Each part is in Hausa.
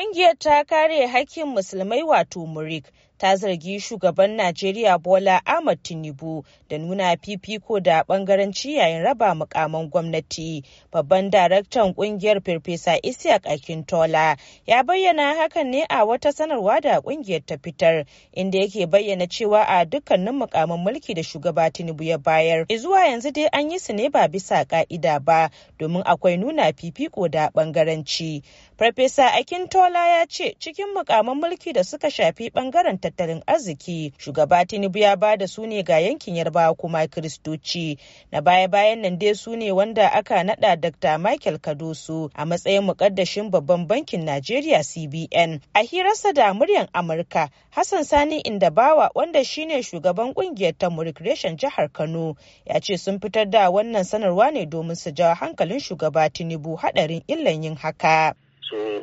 Ƙungiyar ta kare hakkin Musulmai wato murik ta zargi shugaban Najeriya Bola Ahmad Tinubu da nuna fifiko da bangaranci yayin raba mukaman gwamnati. Babban daraktan kungiyar Farfesa Isiaq Akintola ya bayyana hakan ne a wata sanarwa da kungiyar ta fitar inda yake bayyana cewa a dukkanin mukaman mulki da shugaba Tinubu ya bayar. izuwa yanzu dai an yi su ne ba bisa ka'ida ba domin akwai nuna fifiko da bangaranci. Farfesa Akintola ya ce cikin mukaman mulki da suka shafi bangaren tattalin arziki shugaba tinubu ya ba da su ne ga yankin yarbawa kuma kiristoci na baya bayan nan dai su ne wanda aka nada dr michael kadosu a matsayin mukaddashin babban bankin najeriya cbn a hirarsa da muryan amurka hassan sani indabawa wanda shine shugaban kungiyar ta recreation jihar kano ya ce sun fitar da wannan sanarwa ne domin su jawo hankalin shugaba tinubu hadarin illan yin haka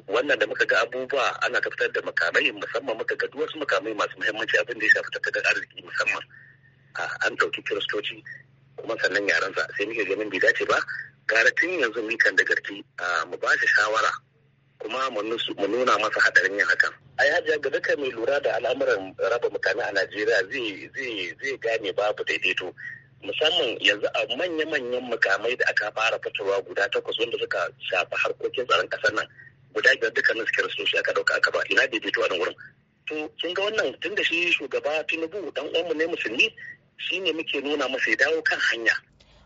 wannan da muka ga abubuwa ana ta fitar da makamai musamman muka ga duk wasu makamai masu muhimmanci abin da ya shafi tattalin arziki musamman an ɗauki kiristoci kuma sannan yaransa sai muke ganin bai dace ba gara tun yanzu kan da garki mu ba shi shawara kuma mu nuna masa hadarin yin hakan yi hajiya ga duka mai lura da al'amuran raba mutane a najeriya zai gane babu daidaito musamman yanzu a manya-manyan mukamai da aka fara fitarwa guda takwas wanda suka shafi harkokin tsaron ƙasar nan guda biyar dukkanin rasu shi aka dauka aka ba ina daidaito a nan wurin to kin ga wannan tun da shi shugaba tinubu dan uwanmu ne musulmi shi ne muke nuna masa ya dawo kan hanya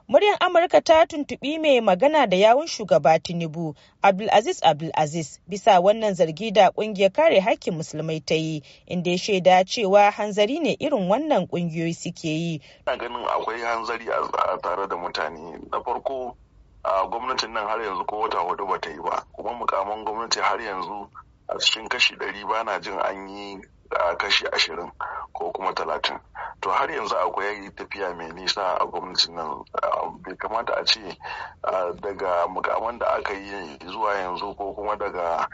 muryar amurka ta tuntubi mai magana da yawun shugaba tinubu abdulaziz abdulaziz bisa wannan zargi da kungiyar kare hakkin musulmai ta yi inda ya shaida cewa hanzari ne irin wannan ƙungiyoyi suke yi ina ganin akwai hanzari a tare da mutane na farko a gwamnatin nan har yanzu ko wata hudu ba ta yi ba kuma mukaman gwamnati har yanzu a cikin kashi ɗari ba na jin an yi kashi ashirin ko kuma talatin to har yanzu akwai tafiya mai nisa a gwamnatin nan bai kamata a ce daga mukaman da aka yi zuwa yanzu ko kuma daga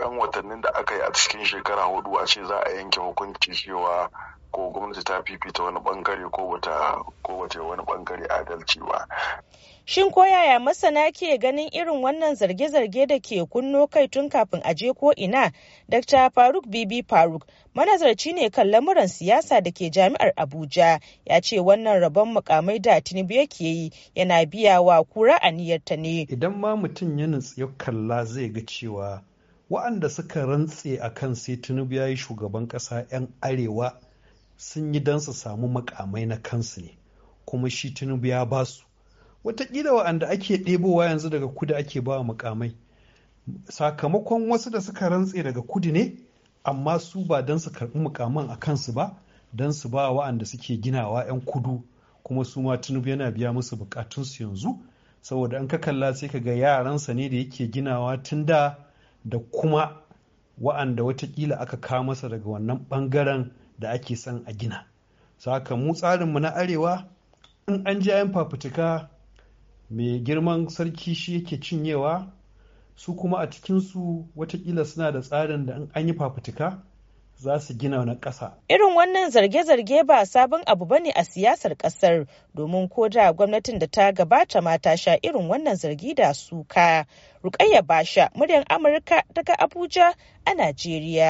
yan watannin da aka yi a cikin shekara hudu a ce za a yanke hukunci cewa ko gwamnati ta fifita wani bangare ko wata ko wace wani bangare adalci ba Shin ko yaya masana ke ganin irin wannan zarge-zarge da ke kunno kai tun kafin a je ko ina? Dr. Faruk Bibi Faruk, manazarci ne kan lamuran siyasa da ke jami'ar Abuja, ya ce wannan rabon mukamai da Tinubu yake yi yana biya wa kura aniyarta ne. Idan ma mutum ya ya kalla zai ga cewa wa'anda suka rantse a kan sai Tinubu ya yi shugaban ƙasa 'yan arewa sun yi don su samu makamai na kansu ne kuma shi tinubu ya ba su watakila wa'anda ake ɗebowa yanzu daga kudu ake ba makamai sakamakon wasu da suka rantse daga kudu ne amma su ba don su karɓi mukaman a kansu ba don su ba wa'anda suke ginawa 'yan kudu kuma su ma tinubu yana biya musu bukatunsu yanzu saboda an ka kalla sai ka ga yaransa ne da yake ginawa tun da da kuma wa'anda watakila aka kawo masa daga wannan bangaren da ake son a gina saka mu tsarinmu na arewa in an ji yan fafutuka mai girman sarki shi yake cinyewa su kuma a cikinsu watakila suna da tsarin da in an yi fafutuka za su gina wani ƙasa. Irin wannan zarge-zarge ba sabon abu bane a siyasar ƙasar domin ko da gwamnatin da ta gabata ma sha irin wannan zargi da suka. Rukayya Basha, muryar Amurka daga Abuja a Najeriya.